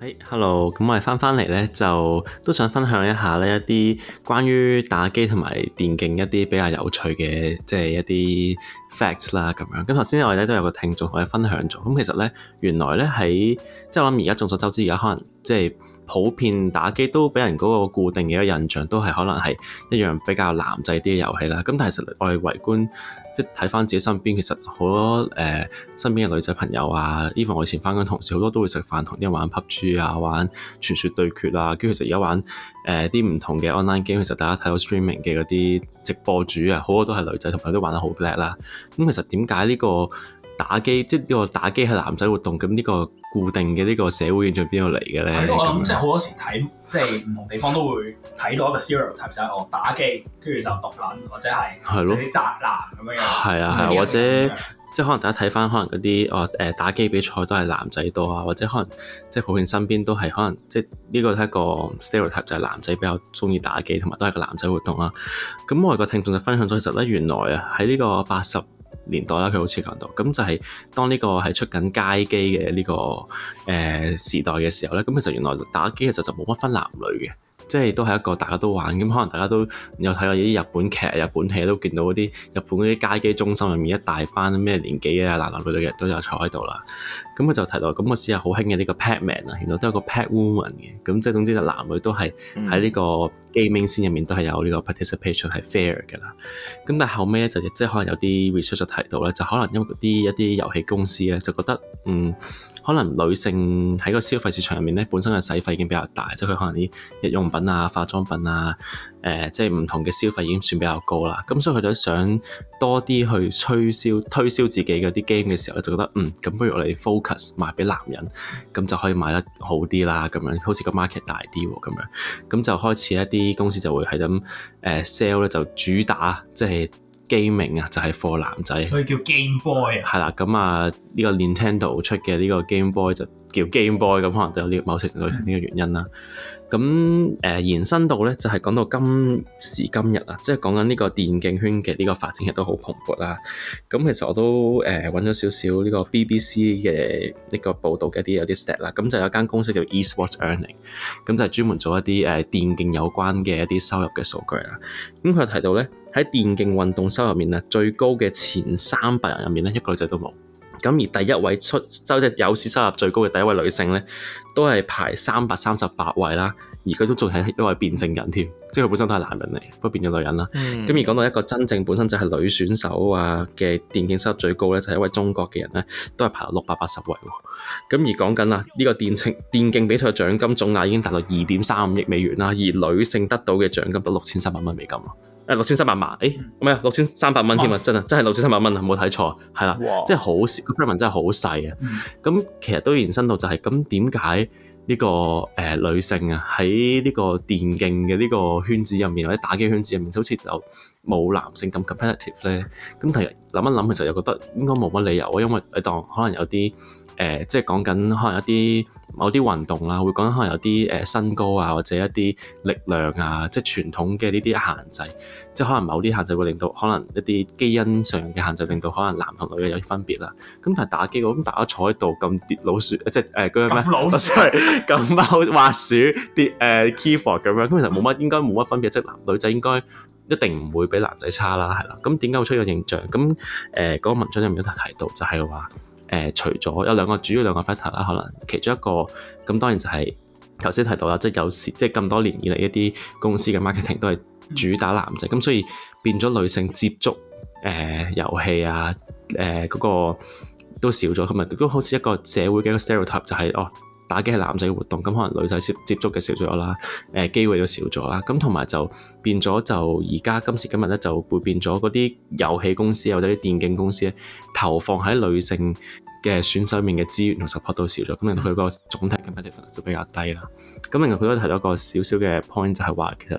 誒、hey，hello！咁我哋翻翻嚟呢，就都想分享一下呢一啲關於打機同埋電競一啲比較有趣嘅，即係一啲 facts 啦咁樣。咁頭先我哋都有個聽眾，同我哋分享咗。咁其實呢，原來呢喺即我諗而家眾所周知，而家可能。即係普遍打機都俾人嗰個固定嘅印象，都係可能係一樣比較男仔啲嘅遊戲啦。咁但係其實我哋圍觀，即係睇翻自己身邊，其實好多誒、呃、身邊嘅女仔朋友啊，even 我以前翻工同事好多都會食飯同啲人玩 PUBG 啊，玩傳說對決啊，跟住其實而家玩誒啲唔同嘅 online game，其實大家睇到 streaming 嘅嗰啲直播主啊，好多都係女仔同埋都玩得好叻啦。咁其實點解呢個？打機即呢個打機係男仔活動，咁呢個固定嘅呢個社會現象邊度嚟嘅咧？係啊，咁即好多時睇，即、就、唔、是、同地方都會睇到一個 stereotype 就係我打機，跟住就獨撚或者係啲宅男咁樣。係啊，啊，或者即可能大家睇翻，可能嗰啲哦誒打機比賽都係男仔多啊，或者可能即普遍身邊都係可能即呢、這個都係一個 stereotype 就係男仔比較中意打機，同埋都係個男仔活動啦。咁我哋個聽眾就分享咗，其實咧原來啊喺呢個八十。年代啦，佢好似講到，咁就係當呢個係出緊街機嘅呢、這個誒、呃、時代嘅時候咧，咁其實原來打機其實就冇乜分男女嘅。即係都係一個大家都玩咁，可能大家都有睇過啲日本劇日本戲，都見到啲日本啲街機中心入面一大班咩年紀嘅男男女女嘅都有坐喺度啦。咁佢就提到，咁我試下好興嘅呢個 patman 啊，原來都有個 patwoman 嘅。咁即係總之就男女都係喺呢個 gaming 先入面都係有呢個 participation 係 fair 嘅啦。咁但係後屘咧就即係可能有啲 research 就提到咧，就可能因為啲一啲遊戲公司咧就覺得，嗯，可能女性喺個消費市場入面咧本身嘅使費已經比較大，即係佢可能啲日用品。化妝品啊，誒、呃，即係唔同嘅消費已經算比較高啦。咁所以佢哋想多啲去推銷推銷自己嗰啲 game 嘅時候咧，就覺得嗯，咁不如我哋 focus 賣俾男人，咁就可以賣得好啲啦。咁樣好似個 market 大啲喎，咁樣咁就開始一啲公司就會係咁誒 sell 咧，就主打即係 game 名啊，就係 for 男仔。所以叫 Game Boy 啊。係啦，咁啊呢個 Nintendo 出嘅呢個 Game Boy 就叫 Game Boy，咁可能都有呢某程度呢個原因啦。嗯咁誒、呃、延伸到咧，就係、是、講到今時今日啊，即係講緊呢個電競圈嘅呢個發展亦都好蓬勃啦。咁其實我都誒揾咗少少呢個 BBC 嘅一、這個報道嘅一啲有啲 stats 啦。咁就有間公司叫 E-Sports Earning，咁就係專門做一啲誒、呃、電競有關嘅一啲收入嘅數據啦。咁佢提到咧，喺電競運動收入面啊，最高嘅前三百人入面咧，一個女仔都冇。咁而第一位出收即有史收入最高嘅第一位女性咧，都係排三百三十八位啦，而佢都仲係一位變性人添，即係佢本身都係男人嚟，不過變咗女人啦。咁、嗯、而講到一個真正本身就係女選手啊嘅電競收入最高咧，就係、是、一位中國嘅人咧，都係排六百八十位喎。咁而講緊啊，呢、這個電競電競比賽獎金總額已經達到二點三五億美元啦，而女性得到嘅獎金都六千三百蚊美金。六千三百萬，誒唔係六千三百蚊添啊！真啊，Wow. 真係六千三百蚊啊！冇睇錯，係啦，即係好少個分文，真係好細啊！咁其實都延伸到就係、是，咁點解呢個誒、呃、女性啊喺呢個電競嘅呢個圈子入面或者打機圈子入面，好似就冇男性咁 competitive 咧？咁提諗一諗，其實又覺得應該冇乜理由啊，因為你當可能有啲。誒、呃，即係講緊可能一啲某啲運動啦、啊，會講緊可能有啲誒、呃、身高啊，或者一啲力量啊，即係傳統嘅呢啲限制，即係可能某啲限，限制會令到可能一啲基因上嘅限制，令到可能男同女嘅有啲分別啦。咁、嗯、但係打機，咁大家坐喺度咁跌老鼠，即係誒個咩？老鼠、咁貓、滑鼠跌誒 keyboard 咁樣，咁其實冇乜，應該冇乜分別，即係男女仔應該一定唔會比男仔差啦，係啦。咁點解會出現呢個形象？咁誒嗰個文章入面都提到，就係、是、話。誒、呃、除咗有兩個主要兩個 factor 啦，可能其中一個咁當然就係頭先提到啦，即、就、係、是、有時即係咁多年以嚟一啲公司嘅 marketing 都係主打男仔，咁、嗯嗯、所以變咗女性接觸誒、呃、遊戲啊誒嗰、呃那個都少咗，今日都好似一個社會嘅一個 stereotype 就係、是、哦。打機係男仔活動，咁可能女仔接接觸嘅少咗啦，誒機會都少咗啦。咁同埋就變咗，就而家今時今日咧，就變咗嗰啲遊戲公司或者啲電競公司咧，投放喺女性嘅選手面嘅資源同 support 都少咗，咁令到佢個總體競爭力份就比較低啦。咁另外佢都提到一個少少嘅 point，就係話其實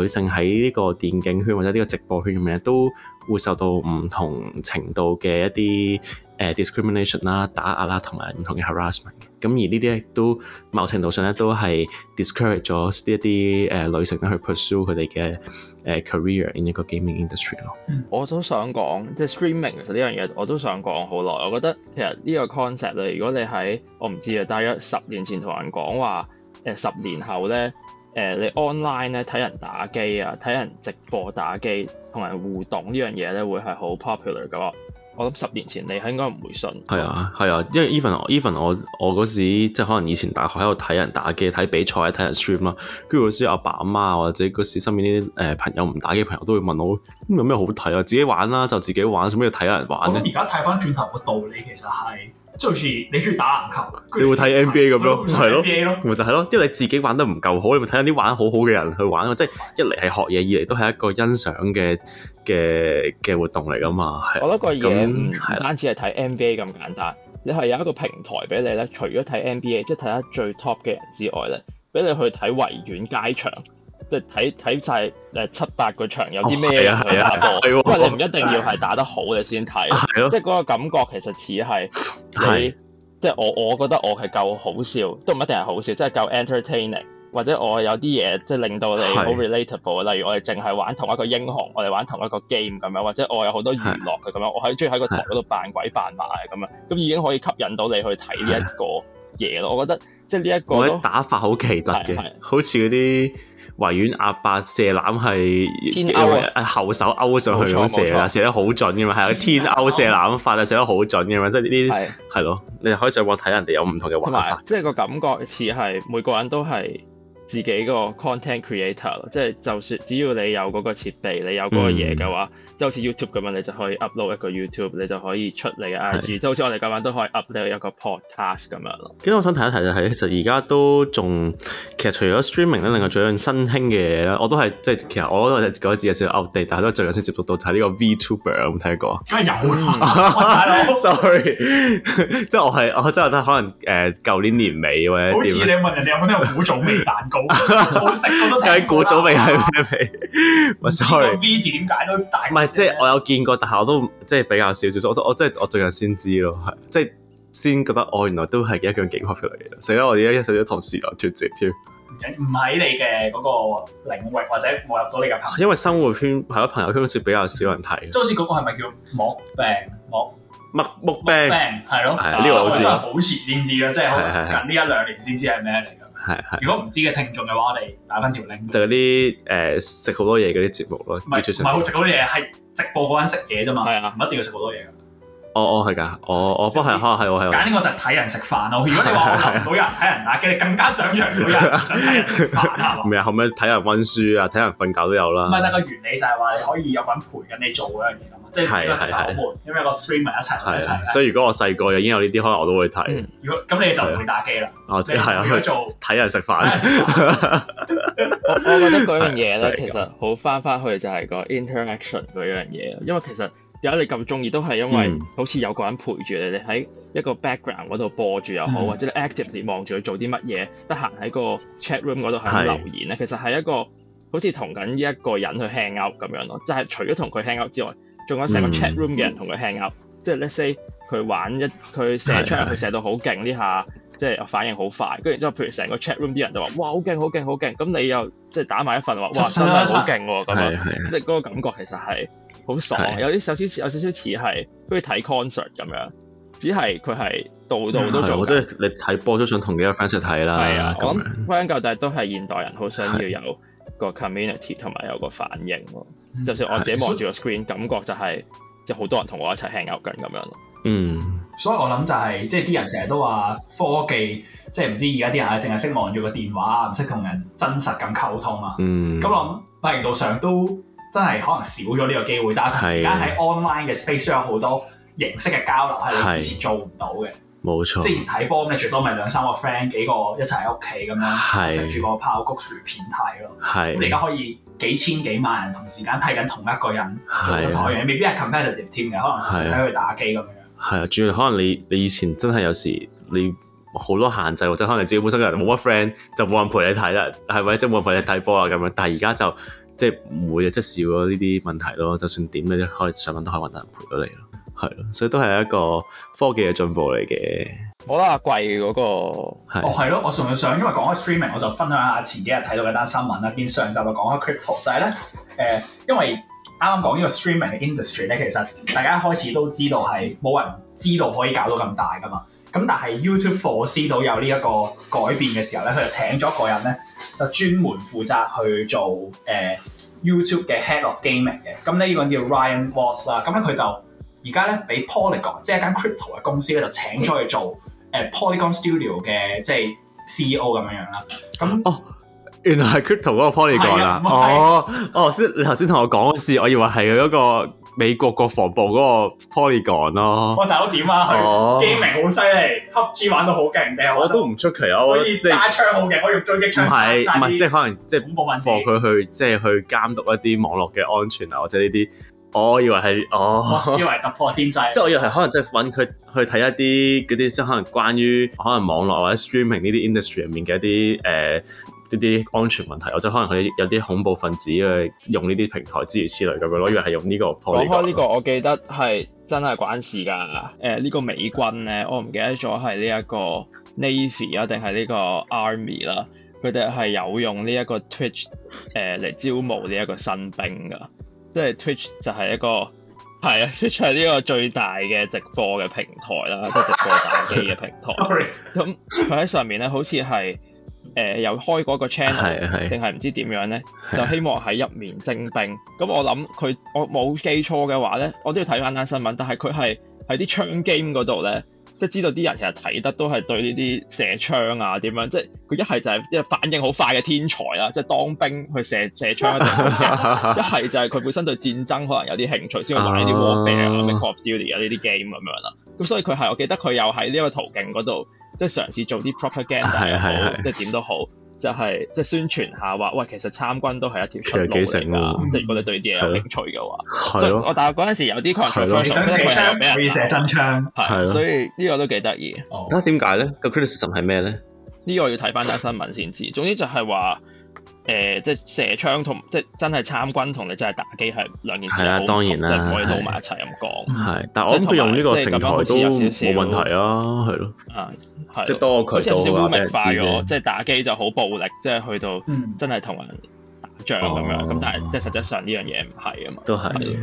女性喺呢個電競圈或者呢個直播圈入面咧，都會受到唔同程度嘅一啲。誒 discrimination 啦，Disc 打壓啦，同埋唔同嘅 harassment。咁而呢啲亦都某程度上咧，都係 discourage 咗一啲誒女性咧去 pursue 佢哋嘅誒，呃、career in 一個 gaming industry 咯。我都想講，即係 streaming 其實呢樣嘢，我都想講好耐。我覺得其實呢個 concept 咧，如果你喺我唔知啊，大概十年前同人講話，誒十年後咧，誒，呃、你 online 咧睇人打機啊，睇人直播打機，同人互動呢樣嘢咧，會係好 popular 嘅。我諗十年前你應該唔會信。係啊，係啊，因為 even even 我我嗰時即係可能以前大學喺度睇人打機、睇比賽、睇人 stream 啦。跟住嗰時阿爸阿媽或者嗰時身邊啲誒、呃、朋友唔打機朋友都會問我：咁有咩好睇啊？自己玩啦、啊，就自己玩，做咩要睇人玩咧？而家睇返轉頭個道理其實係。就好似你中意打籃球，你會睇 NBA 咁咯，係咯，咪就係咯。因為你自己玩得唔夠好，你會睇下啲玩得好好嘅人去玩咯。即係一嚟係學嘢，二嚟都係一個欣賞嘅嘅嘅活動嚟㗎嘛。我覺得個嘢唔單止係睇 NBA 咁簡單，你係有一個平台俾你咧，除咗睇 NBA，即係睇下最 top 嘅人之外咧，俾你去睇維園街場，即係睇睇曬誒七八個場有啲咩去打波。因為你唔一定要係打得好你先睇，即係嗰個感覺其實似係。你，即係我，我覺得我係夠好笑，都唔一定係好笑，即係夠 entertaining，或者我有啲嘢即係令到你好 relatable，是例如我哋淨係玩同一個英雄，我哋玩同一個 game 咁樣，或者我有好多娛樂嘅咁樣，是我喺中意喺個台嗰度扮鬼扮馬啊咁樣，咁已經可以吸引到你去睇呢一個嘢咯，我覺得。即係呢一個咯，我啲打法好奇特嘅，好似嗰啲維園阿伯射籃係天后手勾上去咁射啊，射得好準噶嘛，係個天勾射籃法啊，射得好準噶嘛，嗯、即係呢啲係咯，你可以上網睇人哋有唔同嘅玩法，即係、就是、個感覺似係每個人都係。自己個 content creator，即係就算只要你有嗰個設備，你有嗰個嘢嘅話，即係好、嗯、似 YouTube 咁樣，你就可以 upload 一個 YouTube，你就可以出嚟嘅 IG，即係好似我哋今晚都可以 upload 一個 podcast 咁樣咯。跟住我想提一提就係、是，其實而家都仲其實除咗 streaming 咧，另外仲有新興嘅嘢啦，我都係即係其實我都係講咗自有少少 update，但係都最近先接觸到就係呢個 Vtuber，有冇睇過？梗係有啦 ，sorry， 即係我係我真係覺得可能誒舊、呃、年年尾或者好似你問人你有冇聽過古早味蛋糕？ 冇食我都聽過咗未？係咩皮？唔係，sorry。B 字點解都大？唔係即係我有見過，但係我都即係比較少，最我都我即係我最近先知咯，係即係先覺得我原來都係一樣警號嚟嘅，死啦我而家一時都同時代脫節添。唔喺你嘅嗰個領域，或者冇入到你嘅朋友圈。因為生活圈係咯，朋友圈好似比較少人睇。即好似嗰個係咪叫 Mukbang？Muk 乜 Mukbang？係咯，呢個我知。都係好遲先知啦，即係近呢一兩年先知係咩嚟。係係，如果唔知嘅聽眾嘅話，我哋打翻條 link。就嗰啲誒食好多嘢嗰啲節目咯，唔係好食好多嘢，係直播嗰陣食嘢啫嘛，唔一定要食好多嘢。哦哦係㗎，哦哦不係，係係我係。揀呢個就係睇人食飯咯。如果你話我留人，睇人打機，你更加想象唔到人想睇人食飯。咩啊？後尾睇人溫書啊，睇人瞓覺都有啦。唔係，但係個原理就係話你可以有份陪緊你做嗰樣嘢。即係一個好悶，因為個 streamer 埋一齊一齊。所以如果我細個已經有呢啲，可能我都會睇。如果咁，你就唔會打機啦。啊，即係呀去做睇人食飯。我我覺得嗰樣嘢咧，其實好翻翻去就係個 interaction 嗰樣嘢。因為其實點解你咁中意，都係因為好似有個人陪住你，你喺一個 background 嗰度播住又好，或者你 actively 望住佢做啲乜嘢，得閒喺個 chat room 嗰度係留言咧，其實係一個好似同緊一個人去 hang out 咁樣咯。即係除咗同佢 hang out 之外。用咗成個 chat room 嘅人同佢 hang up，即係 let's say 佢玩一佢射槍，佢射到好勁呢下，即係反應好快。跟住之後，譬如成個 chat room 啲人就話：哇，好勁，好勁，好勁！咁你又即係打埋一份話，哇，真係好勁喎咁樣。即係嗰個感覺其實係好爽，有啲有少少有少少似係好似睇 concert 咁樣，只係佢係度度都做。即係你睇波都想同幾個 friend 一齊睇啦，係啊，咁歸根究底但係都係現代人好想要有個 community 同埋有個反應喎，就算、嗯、我自己望住個 screen、嗯、感覺就係即係好多人同我一齊 hang out 緊咁樣咯。嗯，所以我諗就係、是、即係啲人成日都話科技即係唔知而家啲人係淨係識望住個電話，唔識同人真實咁溝通啊。咁、嗯、我諗程度上都真係可能少咗呢個機會，但係同時間喺 online 嘅 space 有好多形式嘅交流係你以前做唔到嘅。冇錯，之前睇波咁最多咪兩三個 friend 幾個一齊喺屋企咁樣食住個爆谷薯片睇咯。係你而家可以幾千幾萬人同時間睇緊同一個人，係啊，同樣未必係 competitive 添嘅，可能睇佢打機咁樣。係啊、嗯、啊，主要可能你你以前真係有時你好多限制，就可能自己本身人冇乜 friend，就冇人陪你睇啦，係咪？即冇人陪你睇波啊咁樣。但而家就即唔會啊，即少咗呢啲問題咯。就算點，你可以上揾都可以揾人陪到你咯。係咯，所以都係一個科技嘅進步嚟嘅。我覺得阿貴嗰個係哦，係咯。我純粹想，因為講開 streaming，我就分享下前幾日睇到嘅單新聞啦。變上集就講開 crypto，就係咧誒，因為啱啱講呢個 streaming 嘅 industry 咧，其實大家開始都知道係冇人知道可以搞到咁大噶嘛。咁但係 YouTube foresee 到有呢一個改變嘅時候咧，佢就請咗一個人咧，就專門負責去做誒、呃、YouTube 嘅 Head of Gaming 嘅。咁呢個人叫 Ryan Watts 啦。咁咧佢就而家咧，俾 Polygon，即係間 crypto 嘅公司咧，就請咗去做誒 Polygon Studio 嘅即係 CEO 咁樣樣啦。咁哦，原來係 crypto 嗰個 Polygon 啦、啊啊啊哦。哦，哦先，你頭先同我講嗰時，我以為係嗰個美國國防部嗰個 Polygon 咯。我大佬點啊？佢 gaming 好犀利，PC 玩到好勁。就是、我都唔出奇啊！可以揸槍好勁，我用狙擊槍殺唔係，即係可能即係恐怖分子。放佢去即係去監督一啲網絡嘅安全啊，或者呢啲。我以為係，哦，思維突破天際，即係我以為係可能即係揾佢去睇一啲嗰啲，即係可能關於可能網絡或者 streaming 呢啲 industry 入面嘅一啲誒，一、呃、啲安全問題，或者可能佢有啲恐怖分子去用呢啲平台諸如此類咁樣咯，以為係用呢、這個。講開呢個，這個、我記得係真係關事㗎。誒、呃，呢、這個美軍咧，我唔記得咗係呢一個 Navy 啊，定係呢個 Army 啦，佢哋係有用呢一個 Twitch 誒、呃、嚟招募呢一個新兵㗎。即係 Twitch 就係一個係啊，Twitch 係呢個最大嘅直播嘅平台啦，即係 直播打機嘅平台。咁佢喺上面咧，好似係誒又開嗰個 channel 定係唔知點樣咧， 就希望喺入面徵兵。咁我諗佢我冇記錯嘅話咧，我都要睇翻單新聞。但係佢係喺啲槍 game 嗰度咧。即係知道啲人其實睇得都係對呢啲射槍啊點樣，即係佢一係就係即係反應好快嘅天才啊，即係當兵去射射槍一係 就係佢本身對戰爭可能有啲興趣先會玩呢啲 warfare 啊，咩 Call of Duty 啊呢啲 game 咁樣啦，咁所以佢係我記得佢又喺呢一個途徑嗰度，即係嘗試做啲 propaganda，即係點都好。就係即係宣傳下話，喂，其實參軍都係一條好路嚟㗎。即係如果你對啲嘢有興趣嘅話，係咯的。我大學嗰陣時有啲佢又想射咩啊？可以射真槍，係所以呢的個都幾得意。咁點解咧？個 criticism 係咩咧？呢個要睇翻單新聞先知。總之就係話。誒、呃，即係射槍同即係真係參軍同你真係打機係兩件事，係啊，當然啦、啊，即係唔可以攞埋一齊咁講。係，但係我都可以用呢個平台都冇問題啊，係咯，係、嗯，即係多個渠道啊，誒，即係打機就好暴力，即係去到真係同人。嗯咁樣咁，哦、但係即係實際上呢樣嘢唔係啊嘛，都係即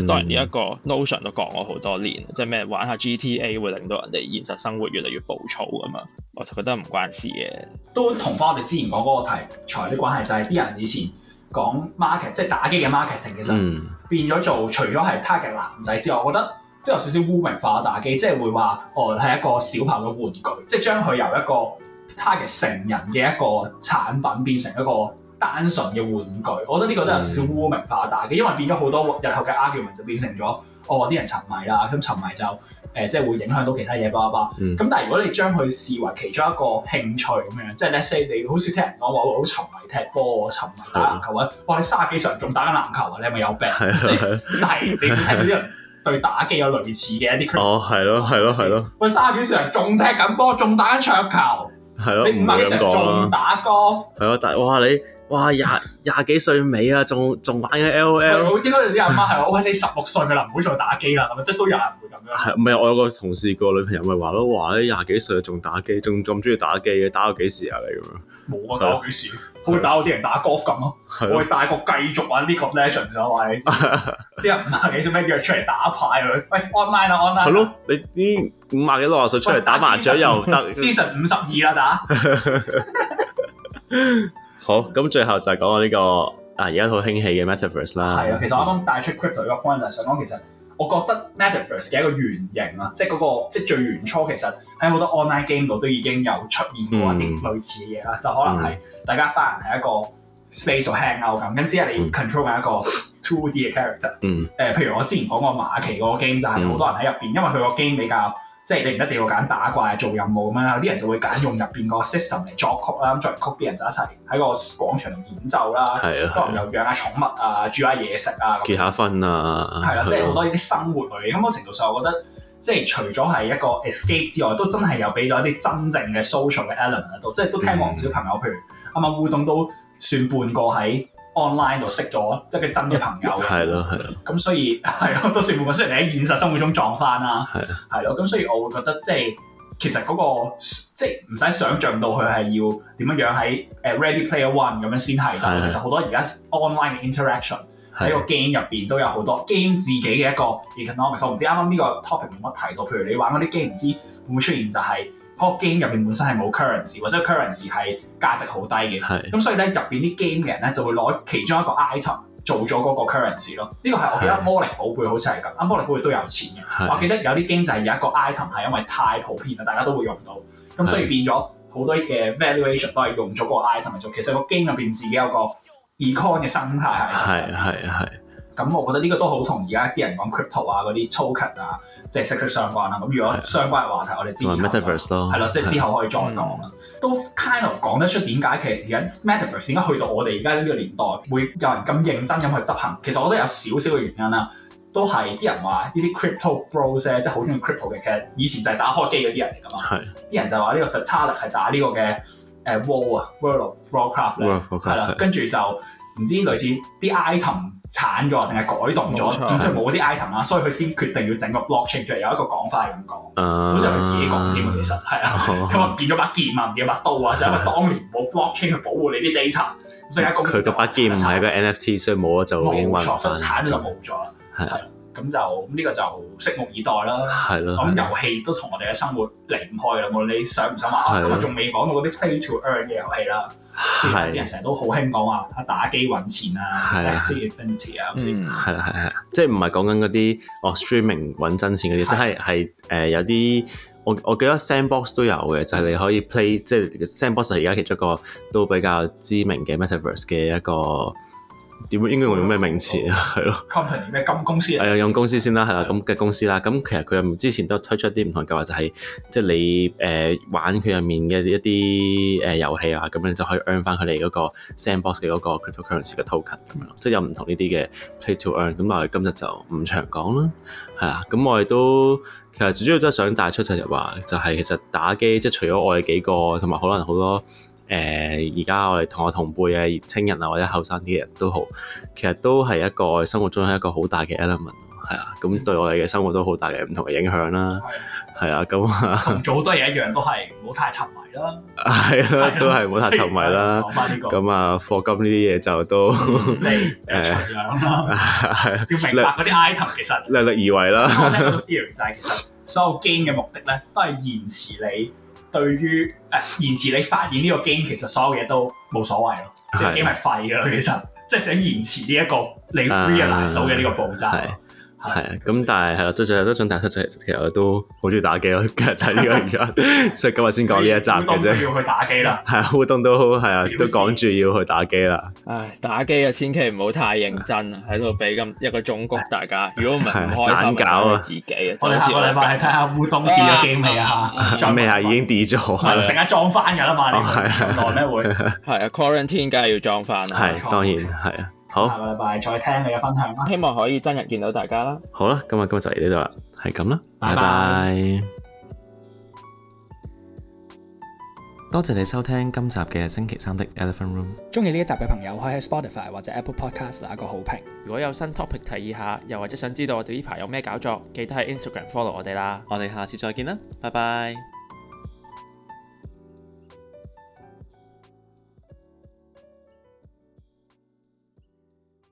係當然呢一個 Notion 都講咗好多年，即係咩玩下 GTA 會令到人哋現實生活越嚟越暴躁咁嘛。我就覺得唔關事嘅，都同翻我哋之前講嗰個題材嘅關係，就係啲人以前講 market 即係打機嘅 marketing，其實變咗做除咗係 target 男仔之外，我覺得都有少少污名化打機，即係會話哦係一個小朋友嘅玩具，即係將佢由一個 target 成人嘅一個產品變成一個單純嘅玩具，我覺得呢個都有小污名化打機嘅，因為變咗好多日後嘅 argument 就變成咗，哦啲人沉迷啦，咁沉迷就誒即係會影響到其他嘢吧吧。咁但係如果你將佢視為其中一個興趣咁樣，即係 let's say 你好少聽人講話會好沉迷踢波，沉迷打籃球咧，哇你卅幾歲仲打緊籃球啊？你係咪有病？係係係，係你睇到啲人對打機有類似嘅一啲哦係咯係咯係咯，哇卅幾歲仲踢緊波，仲打緊桌球，係咯，你唔係幾歲仲打 golf？o 係咯，但係哇你。哇！廿廿幾歲尾啊，仲仲玩緊 L O L，應該啲阿媽係話：喂，你十六歲噶啦，唔好再打機啦，係咪？即係都有人會咁樣。係唔係？我有個同事個女朋友咪話咯：，話你廿幾歲仲打機，仲咁中意打機嘅，打到幾時啊？你咁樣。冇啊！打到幾時？會打到啲人打 golf 咁咯。係。會大個繼續玩呢個 legend 咁你啲人五廿幾歲咩約出嚟打牌啊！喂，online 啊，online。係咯，你啲五廿幾六廿歲出嚟打麻雀又得。season 五十二啦，打。好，咁最後就係講我、這、呢個啊而家好興起嘅 Metaverse 啦。係啊，其實我啱啱帶出 crypto 嗰個 point，就係、是、想講其實我覺得 Metaverse 嘅一個原型啊，即係嗰個即係、就是、最原初其實喺好多 online game 度都已經有出現過一啲類似嘅嘢啦。嗯、就可能係、嗯、大家單人係一個 space or hangout 咁，跟住你 control 緊、嗯、一個 2D 嘅 character、嗯。誒，譬如我之前講過馬奇嗰個 game 就係好多人喺入邊，嗯、因為佢個 game 比較。即係你唔一定要揀打怪、啊、做任務咁樣，有啲人就會揀用入邊個 system 嚟作曲啦，咁作曲啲人就一齊喺個廣場度演奏啦，可能又養下寵物啊，煮下嘢食啊，結下婚啊，係啦、啊，啊啊啊啊、即係好多呢啲生活類嘢。咁、那、嘅、個、程度上，我覺得即係除咗係一個 escape 之外，都真係有俾到一啲真正嘅 social 嘅 element 喺度，嗯、即係都聽過唔少朋友，譬如啱啱互動都算半個喺。online 就識咗即係佢真嘅朋友嘅，係咯係咯，咁所以係咯，都算冇乜。雖然你喺現實生活中撞翻啦，係啊了，係咯，咁所以我會覺得即係其實嗰、嗰個即係唔使想象到佢係要點樣樣喺誒 Ready Player One 咁樣先係，了了其實好多而家 online 嘅 interaction 喺了個 game 入邊都有好多 game 自己嘅一個 economics，我唔知啱啱呢個 topic 有冇乜提過，譬如你玩嗰啲 game 唔知會唔會出現就係、係。個 game 入邊本身係冇 currency，或者 currency 係價值好低嘅。咁是所以咧，入邊啲 game 嘅人咧就會攞其中一個 item 做咗嗰個 currency 咯。呢、這個係我記得魔《魔力寶貝》好似係咁，《啊魔力寶貝》都有錢嘅。是我記得有啲 game 就係有一個 item 係因為太普遍啦，大家都會用到，咁所以變咗好多嘅 valuation 都係用咗嗰個 item 嚟做。其實個 game 入邊自己有個 econ 嘅生態係係係。咁、嗯、我覺得呢個都好同而家啲人講 cryptocurrency 啊、啲 token 啊，即係息息相關啦、啊。咁如果相關嘅話題，的我哋之後係即係之後可以再講。的嗯、都 kind of 講得出點解其實而家 metaverse 而家去到我哋而家呢個年代，會有人咁認真咁去執行。其實我覺得有少少嘅原因啦、啊，都係啲人話呢啲 crypto bros 即係好中意 crypto 嘅，其實以前就係打開機嗰啲人嚟噶嘛。係啲的人就話呢個 Vitalik 係打呢個嘅誒 world 啊，World of Warcraft 咧，啦 War craft, 吧，跟住就。唔知類似啲 item 鏟咗，定係改動咗，咁所以冇啲 item 啊，所以佢先決定要整個 blockchain，即係有一個講法係咁講，好似係佢自己講劍，其實係啊，咁啊見咗把劍啊，唔的見把刀啊，就係的當年冇 blockchain 去保護你啲 data，所以公司佢個把劍唔係個 NFT，所以冇咗就已經冇錯。咁就咁呢個就拭目以待啦。係咯的。咁、嗯、遊戲都同我哋嘅生活離唔開啦，無論你想唔想玩。我仲未講到嗰啲 play to earn 嘅遊戲啦。係。啲人成日都好興講話啊，打機揾錢啊，《Destiny》啊嗰啲。係啦係啦，即係唔係講緊嗰啲哦 streaming 揾真錢嗰啲，即係係誒有啲我我記得 sandbox 都有嘅，就係、是、你可以 play 即係 sandbox 而家其中一個都比較知名嘅 metaverse 嘅一個。點會應該用咩名詞啊？係咯，company 咩金公司？係啊，用公司先啦，係啦，咁嘅公司啦。咁其實佢入之前都推出一啲唔同嘅計劃，就係即係你誒、呃、玩佢入面嘅一啲誒遊戲啊，咁樣就可以 earn 翻佢哋嗰個 sandbox 嘅嗰個 cryptocurrency 嘅 token 咁樣咯。即、就、係、是、有唔同呢啲嘅 play to earn。咁我哋今日就唔長講啦，係啊。咁我哋都其實最主要都係想帶出就係話，就係其實打機即係除咗我哋幾個同埋可能好多。誒而家我哋同我同輩嘅年輕人啊，或者後生啲人都好，其實都係一個生活中係一個好大嘅 element，係啊，咁對我哋嘅生活都好大嘅唔同嘅影響啦，係啊的，咁啊， 做好多嘢一樣都係唔好太沉迷啦，係啊， 都係唔好太沉迷啦，講翻呢個，咁啊，課金呢啲嘢就都，誒 要明白嗰啲 item 其實 量力而為啦， 其實所有 game 嘅、就是、目的咧都係延遲你。對於誒、啊、延遲你發現呢個 game，其實所有嘢都冇所謂咯，即係 game 係廢㗎啦，其實 即係想延遲呢、這、一個你 realize 嘅呢、uh, 個步驟、uh,。係啊，咁但係係咯，最最都想打，出仔其實都好中意打機咯，梗係睇咯而家，所以今日先講呢一集嘅啫。要去打機啦，係啊，烏冬都係啊，都講住要去打機啦。唉，打機啊，千祈唔好太認真喺度俾咁一個忠告大家。如果唔係唔開心，搞自己啊。我哋下個禮拜係睇下烏冬跌咗機未啊？未啊，已經跌咗。唔係成日撞翻㗎啦嘛？你待咩會？係啊，quarantine 梗係要撞翻啦。係當然係啊。好，下個禮拜再聽你嘅分享，希望可以真日見到大家啦。好啦，今日今日就嚟呢度啦，係咁啦，拜拜。拜拜。多謝你收聽今集嘅星期三的 Elephant Room。中意呢一集嘅朋友，可以喺 Spotify 或者 Apple Podcast 打個好評。如果有新 topic 提議下，又或者想知道我哋呢排有咩搞作，記得喺 Instagram follow 我哋啦。我哋下次再見啦，拜拜。